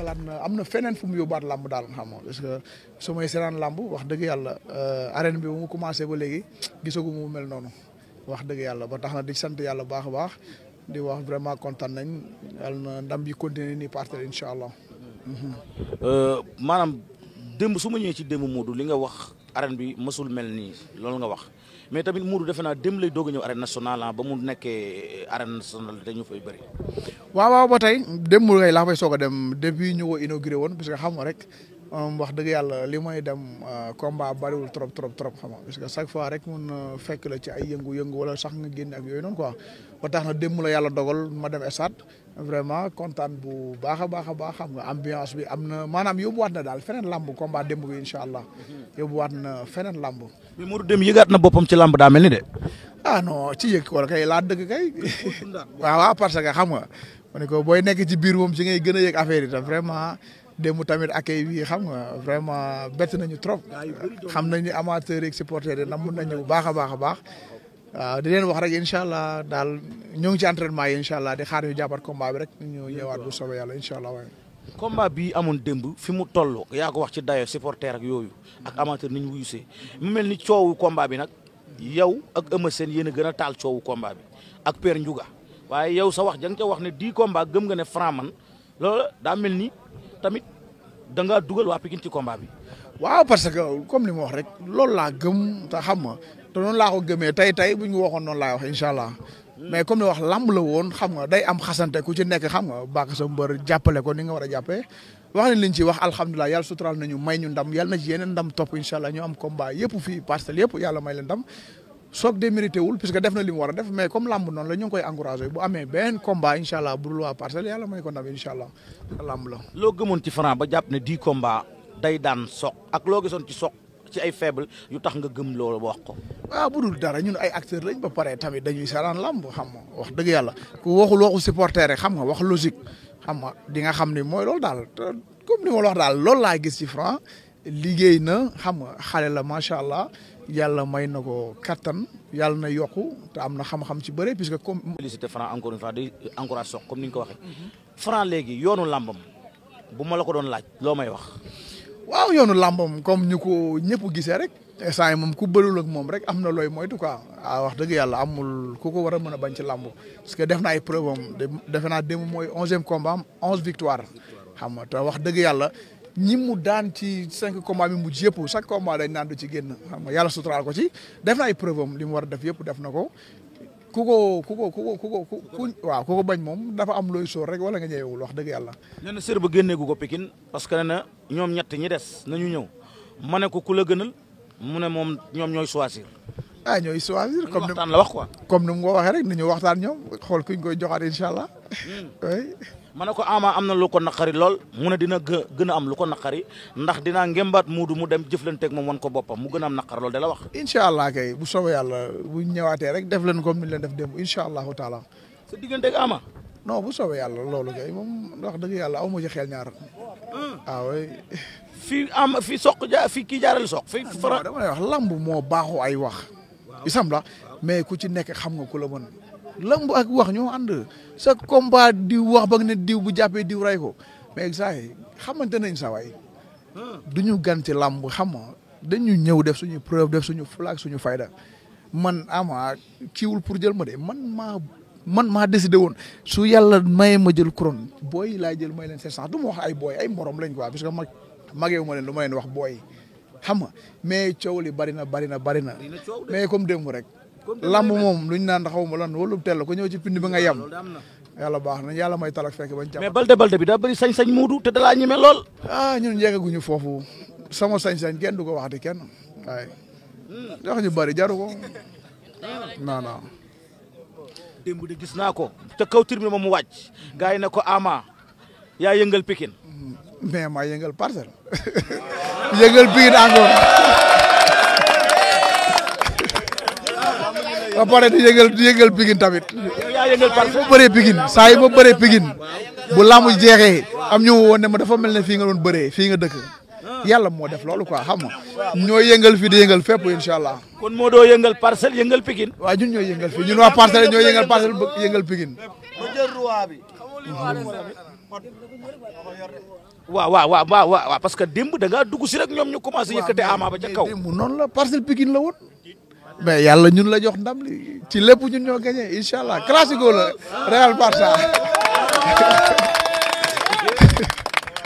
xalaat na am na feneen fu mu yóbbaat làmb daal nga xam parce que su may seetaan làmb wax dëgg yàlla euh, arène bi bu mu commencé ba léegi gisagu mu mel noonu wax dëgg yàlla ba tax na di sant yàlla baax a baax di wax vraiment kontaan nañ yàlla na ndam bi continuer nii partir incha allah. Euh, maanaam démb su ma ñëwee ci démb Modou li nga wax arène bi mësul mel nii loolu nga wax. mais tamit Modou defe naa dem lay doog a ñëw arène ah, ba mu nekkee eh, arène nationale dañu fay bëri. waaw waaw ba tey dem mu laa fay soog a dem depuis ñu ko inauguré woon parce que xam nga rek um, wax dëgg yàlla li may dem ah, combat bariwul trop trop trop xam nga parce que chaque fois rek mun fekk la ci ay yëngu-yëngu wala sax nga génne ak yooyu noonu quoi ba tax na dem la yàlla dogal ma dem stade. vraiment kontaan bu baax a baax a baax xam nga ambiance bi am na maanaam yóbbuwaat na daal feneen làmb combat démb bi incha allah yóbbuwaat na feneen làmb. mais Modou Deme yëgaat na boppam ci làmb daa mel ni de. a ah non ci yëg wala kay laa dëgg kay. waaw waaw parce que xam nga. ma ne ko booy nekk ci biir moom ci ngay gën a yëg affaire yi tam vraiment démb tamit ak bi xam nga vraiment bett nañu trop. xam nañu amateurs yeeg supporters yi namm nañu bu baax a baax a baax. waaw di wax rek incha allah daal ñoo ngi ci entraînement yi incha allah di xaar ñu jàppat combat bi rek ñu ñëwaat bu soobee yàlla incha bi amoon démb fi mu toll yaa ko wax ci dayo supporter ak yooyu ak amateur ni ñu wuyusee mu mel ni coow combat bi nag yow ak Eumeu Sène yéen a gën a taal coowu combat bi ak Père Ndiouga waaye yow sa wax ja nga ca wax ne di combat gëm nga ne Franc man daa mel ni tamit da ngaa dugal waa Pikine ci combat bi. waaw parce que comme ni ma wax rek loolu laa gëm ta xam ma te noonu laa ko gëmee tey tey bu ñu waxoon noonu laa wax incha allah mais comme ni wax lamb la woon xam nga day am xasante ku ci nekk xam nga bàq sa mbër ko ni nga war a jàppee wax nañ liñ ci wax alhamdulilah yàlla suturaal nañu may ñu ndam yàlla na ci yeneen ndam topp incha allah ñu am combat yëpp fii parcelle yëpp yàlla may leen ndam soog démérité wul puisque def na li a def mais comme lamb noonu la ñu ngi koy encouragé bu amee benn combat incha may ko ndam incha lamb la. loo gëmoon ci Franc ba jàpp ne dix combat day daan soq ak loo gisoon ci ay faible yu tax nga gëm loolu wax ko. waaw ah, bu dul dara ñun ay acteur lañ ba pare tamit dañuy saraan lamb xam nga wax dëgg yàlla ku waxul waxu supporter xam nga wax logique xam nga di nga xam ni mooy loolu daal comme ni ma la wax daal loolu laa gis ci Franc liggéey na xam nga xale la macha allah yàlla may na ko kattan yàlla na yokku te am na xam-xam ci bëre puisque comme. félicité Franc encore une fois di sox comme ni ñu ko waxee. Franc léegi yoonu làmbam bu ma la ko doon laaj loo may wax. waaw yoonu làmbam comme ñu ko ñëpp gisee rek instant moom ku bëlul ak moom rek am na looy moytu quoi ah wax dëgg yàlla amul ku ko war a mën a bañ ci làmb parce que def na ay preuve am defe naa démb mooy onzième combat am onze victoire xam nga te wax dëgg yàlla ñi mu daan ci cinq combat bi mu yëpp chaque combat dañ naan du ci génn xam nga yàlla suturaal ko ci def na ay preuve am li mu war a def yëpp def na ko ku ko ku ko ku ko ku ku waaw ku ko bañ moom dafa am looy sóor rek wala nga ñëwewul wax dëgg yàlla. nee na sër ba génneegu ko Pikine parce que nee na ñoom ñett ñi des nañu ñëw ma ne ko ku la gënal mu ne moom ñoom ñooy choisir. a ah, ñooy choisir comme ni waxtaan la wax comme ni mu ko waxee rek nañu waxtaan ñoom xool kuñ koy joxaat incha allah. Hmm. ma ne ko ama am na lu ko naqari lool mu ne dina gën a am lu ko naqari ndax dinaa ngembaat du mu dem jëflanteeg moom wan ko boppam mu gën a am naqar lool de la wax. incha allah kay bu soobee yàlla bu ñëwaatee rek def leen comme ni leen def dem incha allahu taala. sa digganteeg ama. non bu soobee yàlla loolu kay moom wax dëgg yàlla aw ma ci xel ñaar. waaw. Hmm. Ah, fii am fii soq ja fii kii jaarale soq. fi fara dama wax lamb moo baaxu ay wax. isam la mais ku ci nekk xam nga ku la mën. lamb ak wax ñoo ànd sa combat diw wax ba ne diw bu jàppee diw ray ko mais saa yi xamante nañ saway waay du ñu gan ci làmb xam nga dañu ñëw def suñu preuve def suñu flag suñu fayda man ama kiiwul pour jël ma de man maa man maa décidé woon su yàlla maye ma jël couronne booy laay jël may leen seen sax du ma wax ay booy ay morom lañ ko parce que mag mageewu ma leen lu ma leen wax booy xam nga mais coow li bari na bari na bari na mais comme démb rek. lamb moom lu ñu naan xaw ma lan wala tell ko ñëw ci pind bi nga yem yàlla baax na yàlla may talak fekk bañ jàpp mais balde balde bi daa bëri sañ-sañ muudu te dalaa ñeme lool ah ñun yeggaguñu foofu sama sañ-sañ kenn du ko waxati kenn waaye wax ñu bëri jaru ko non non gis naa ko te kaw tribune moom mu wàcc gars yi ne ko ama yaa yëngal pikin mm-hmm. mais maa yëngal parcelle yëngal Pikine encore ba pare di yëngal di yëngal Pikine tamit. bu bëree Pikine saa yi ma bëree Pikine bu làmb am ñu woon ne ma dafa mel ne fii nga doon bëree fii nga dëkk yàlla moo def loolu ko xam nga ñoo yëngal fii di yëngal fépp incha allah. kon moo doo yëngal parcelle yëngal Pikine. waaw ñun ñoo yëngal fii ñun waa parcelle ñoo yëngal parcelle yëngal Pikine. waaw waaw waaw waaw parce que démb da ngaa ñoom ñu commencé yëkkate la parcelle Pikine mais yàlla ñun la jox ndam li ci lépp ñun ñoo gagné incha allah classico la ah, ah. Real Barça.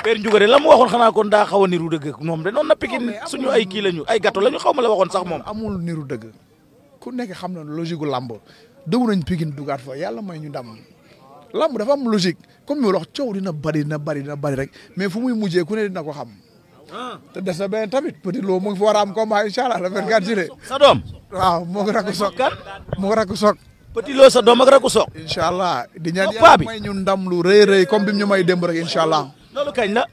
Père Ndiougaré la mu waxoon xanaa kon daa xaw a niru dëgg moom de noonu na Pikine suñu ay kii lañu ay gàtto lañu xaw ma la waxoon sax moom. amul niru dëgg ku nekk xam na logique gu làmb dugg nañ Pikine dugaat fa yàlla may ñu ndam làmb dafa am logique comme ni ma la wax coow dina bari na bari dina bari rek mais fu muy mujjee ku ne dina ko xam. te des na beneen tamit petit loo mu ngi fa war a am combat incha sa doom waaw moo ngi rakku soog kat moo ngi sa doom ak rakku soog. allah di ñaan yàlla may ñu ndam lu rëy rëy comme bi mu ñu may démb rek incha allah. loolu kañ la.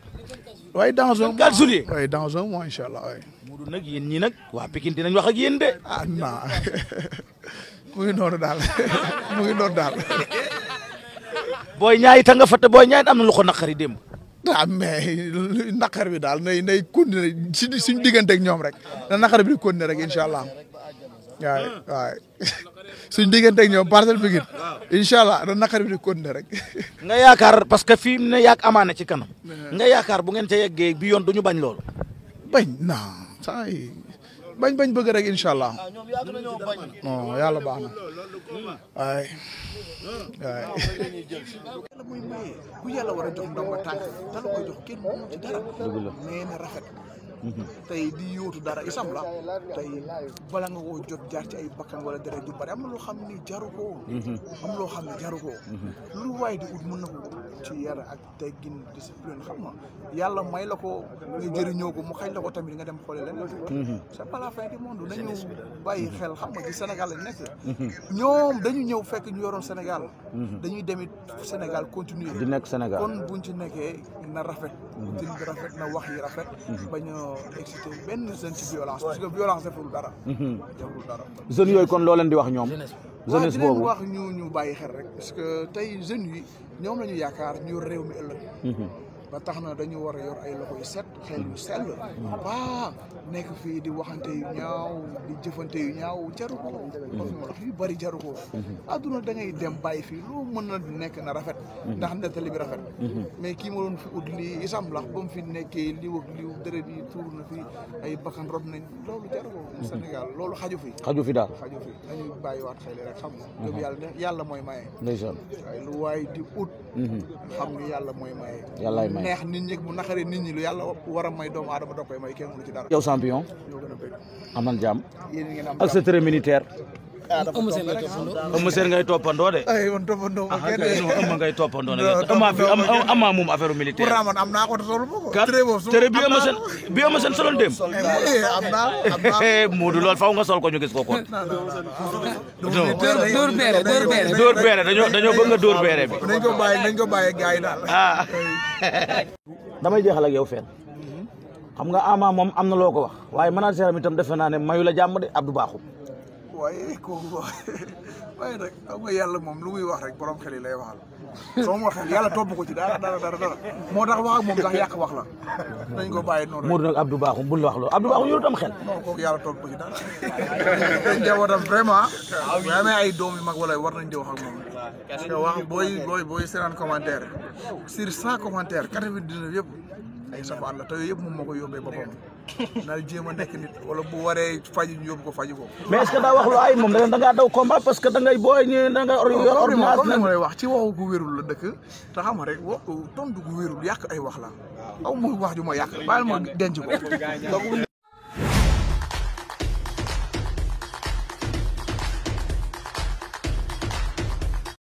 waaye dans un mois waaye dans un mois incha allah waay. mu dul nag yéen ñii nag wax ak yéen de. ah non mu ngi noonu daal mu ngi ñaay ta nga fa ñaay am na lu ko naqari démb. ah mais naqar bi daal nay nay continuer si suñ diggante ñoom rek na naqar bi di continuer rek incha allah waay waay suñ diggante ak ñoom parcelle bi incha allah na naqar bi di continuer rek. nga yaakaar parce que fii yak yaak amaana ci kanam. nga yaakaar bu ngeen ca yeggee bi yoon du ñu bañ loolu. bañ bañ bëgg rek incha allah ah, non yàlla baax na waay waay. bu yàlla war a jox ndam ba tànk te la koy na rafet. Mm-hmm. tey di yóotu dara isam la tey bala nga koo jot jaar ci ay bakkan wala deret du bari am na loo xam ni jaru ko mm-hmm. am loo xam ne jaru ko mm-hmm. lu waaye di ut mën na ko ci yar ak teggin discipline xam nga yàlla may la ko nga jëriñoo ko mu xañ la ko tamit nga dem xoole leneen c'est pas la fin du monde nañu bàyyi xel xam nga ci Sénégal lañ nekk ñoom dañu ñëw fekk ñu yoroon Sénégal dañuy demit Sénégal continuer di nekk Sénégal kon buñ ci nekkee na rafet jël bi rafet wax yi rafet mhm. bañ benn jeune ci violence parce que violence deful dara mhm. deful dara jeunes yooyu kon loo leen di wax ñoom jeunesse boobu wax ñu ñu bàyyi xel rek parce que tey jeunes yi ñoom la ñu yaakaar ñu réew mi ëllëg mhm. ba tax na dañu war a yor ay loxo yu set xel yu sell ba nekk fii di waxante yu ñaaw di jëfante yu ñaaw jaru ko kon moo tax yu bëri jaru ko adduna da ngay dem bàyyi fii loo mën na nekk na rafet ndax nettali bi rafet mais kii ma doon fi ut lii isam lax ba mu fi nekkee lii wëg lii dërët yi tuur na fi ay bakkan rot nañ loolu jaru ko Sénégal loolu xaju fi xaju fi daal xaju fi dañuy bàyyi waat xel rek xam nga yàlla yàlla mooy maye ndeysaan waaye di ut mhm. yàlla mooy maye neex nit ñi bu naqaree nit ñi lu yàlla war a may doomu aadama da koy may kenn mënu ci dara. a bëgg. Ah, Eumeu Sène ngay toppandoo. Eumeu Sène ngay toppandoo de. ay ah, man toppandoo ah, moom affaire militaire. am naa ko te solu ma ko. tere boobu tere bi Eumeu Sène bi Eumeu dem. am naa am eh, nga sol ko ñu gis ko kon. dóor beere dañoo dañoo bëgg nga dóor beere bi. ko bàyyi nañ ko bàyyi gars yi daal. ah. damay jeexal ak yow xam nga ama moom am na loo ko wax waaye manager am itam defe naa ne mayu la jàmm de Abdou Bakhoum waaye kooku waaye nag xam nga yàlla moom lu muy wax rek borom xel yi lay waxal sama xel yàlla topp ko ci dara dara dara moo tax wax ak moom sax yàq wax la dañ ko bàyyi noonu muur nag Abdou Bakhoum bul wax loolu Abdou Bakhoum yoru tam xel non kooku yàlla topp ko ci dara dañ jabootam vraiment bu amee ay doom yu mag wala war nañ di wax ak moom parce que wax booy booy booy seetaan commentaire sur cent commentaire quatre-vingt-dix-neuf yëpp ay safaan la te yooyu yëpp moom moo koy yóbbee boppam na jéem a nekk nit wala bu waree faji ñu ko faji ko mais est daa wax lu ay moom da daw combat parce que da ngay booy ñu da nga yor ordonnance na lay wax ci waxu gu wérul la dëkk te xam nga rek wa tontu gu wérul yàq ay wax la aw muy wax ju ma yàq baal ma denc ko